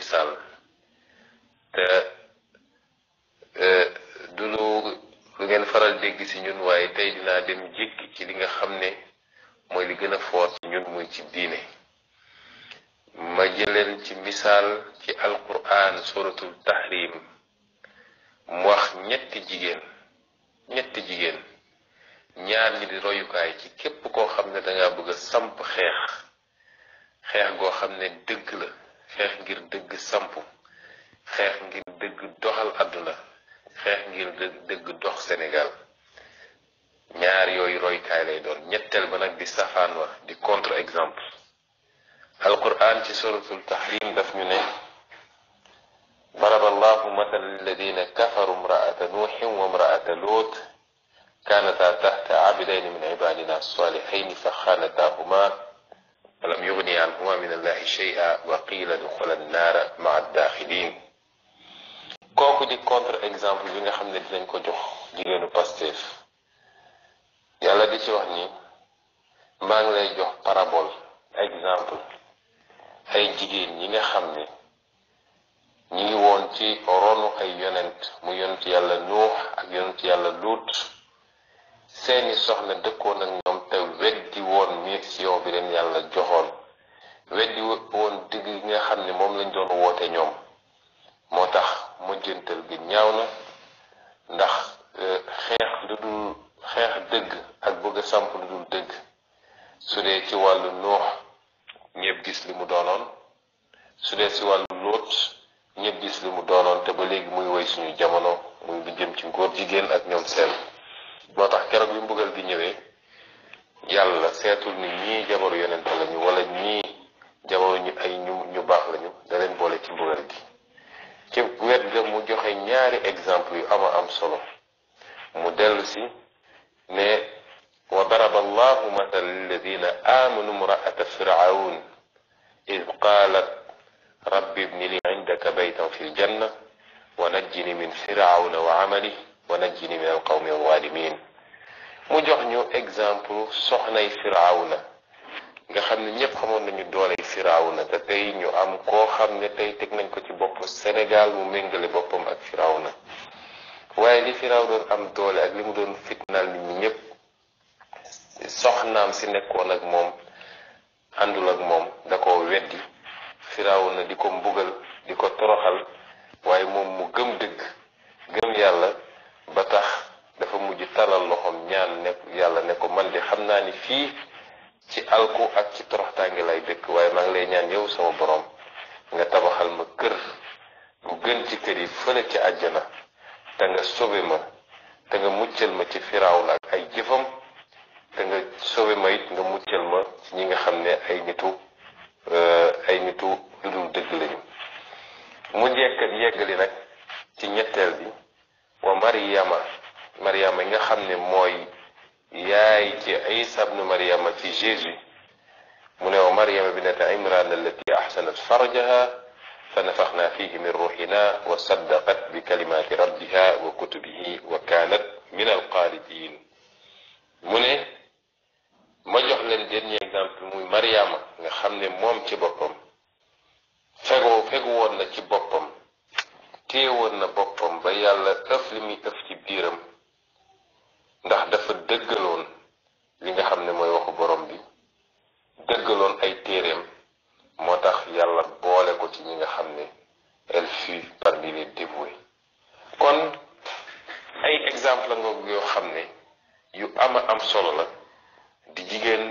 misaal te e, du lu ngeen faral dégg ci ñun tey dinaa dem li nga xam ne mooy li gën a foor ci ci diine ma jëleen ci misaal ci alquran suratul tahrim mu wax ñetti jigéen ñetti jigéen ñaar ñi di royukaay ci képp koo xam ne danga bëgg a samp xeex xeex goo xam ne dëkk la xeex ngir dëgg sampu xeex ngir dëgg doxal àdduna xeex ngir dëgg dox Sénégal ñaar yooyu roykaay lay doon ñetteel ba nag di safaan wa di contre exemple alquran ci suratul tahrim daf ñu ne daraba allahu mathala lilladina kafaru mraata nuuxin wa mraata luut kaanataa taxta abidayn min ibadina salihayn fa xaanataahuma فلم يغني عنهما من الله شيئا وقيل دخل النار مع الداخلين kooku di contre exemple bi nga xam ne dinañ ko jox jigéenu Pastef yàlla di ci wax ni maa ngi lay jox parabole exemple ay jigéen ñi nga xam ne ñi ngi woon ci ronu ay yonent mu yonent yàlla nuux ak yonent yàlla luut seeni soxna dëkkoon ak ñoom te weddi woon mission bi leen yàlla joxoon weddi woon digg yi nga xam ne moom lañ doon woote ñoom moo tax mu mujjantal gi ñaaw na ndax e, xeex lu dul xeex dëgg ak bëgg a samp lu dul dëgg su dee ci wàllu nuux ñëpp gis li mu doonoon su dee ci wàllu lóot ñëpp gis li mu doonoon te ba léegi muy woy suñu jamono muy lu jëm ci ngóor jigéen ak ñoom seen moo tax keroog bi mbugal gi ñëwee yàlla seetul ni ñii jabaru yonent lañu wala ñii jabaru ñu ay ñu ñu baax lañu da boole ci mbugal gi ci wet ga mu joxe ñaari exemple yu ama am solo mu dellu si ne wa daraba allahu matal lilladina amanu mraata firaun id qaalat rabbi ibni li indaka baytan fi ljanna wa najjini min firawna wa amalihi wa najjini min alqawmi alwalimin mu jox ñu exemple soxnay firawna nga xam ne ñëpp xamoon nañu dooley firawna te tey ñu am koo xam ne tey teg nañ ko ci bopp Sénégal mu méngale boppam ak firawna waaye li firaaw doon am doole ak li mu doon fitnaal nit ñi ñëpp soxnaam si nekkoon ak moom àndul ak moom da ko weddi firaaw na di ko mbugal di ko toroxal waaye moom mu gëm dëgg naa ni fii ci alku ak ci toroxtaange lay dëkk waaye maa ngi lay ñaan yow sama borom nga tabaxal ma kër bu gën ci kër yi fële ci àjjana te nga sobe ma te nga muccal ma ci firaaw la ay jëfam te nga sobe nga muccal ñi nga xam ne ay nitu euh, ay nitu lu dul dëgg lañu mu yeggali nag ci ñetteel bi wa Mariama Mariama yi nga xam ne mooy yaay ci isa bnu maryama ci jésus mu ne wa maryama binata imran allati ahsanat farjaha fa nafaxna fihi min ruuxina wa saddaqat bi kalimaati rabbiha wa kutubihi wa kaanat min alqaanitiin mu ne ma jox leen dernier exemple muy maryama nga xam ne moom ci boppam fegoo fegu woon na ci boppam téewoon na boppam ba yàlla ëf li muy ëf ci dafa dëggaloon li nga xam ne mooy waxu boroom bi dëggaloon ay téeréem moo tax yàlla boole ko ci ñi nga xam ne elle fut di les dévoués kon ay exemple nga yoo xam ne yu ama am solo la di jigéen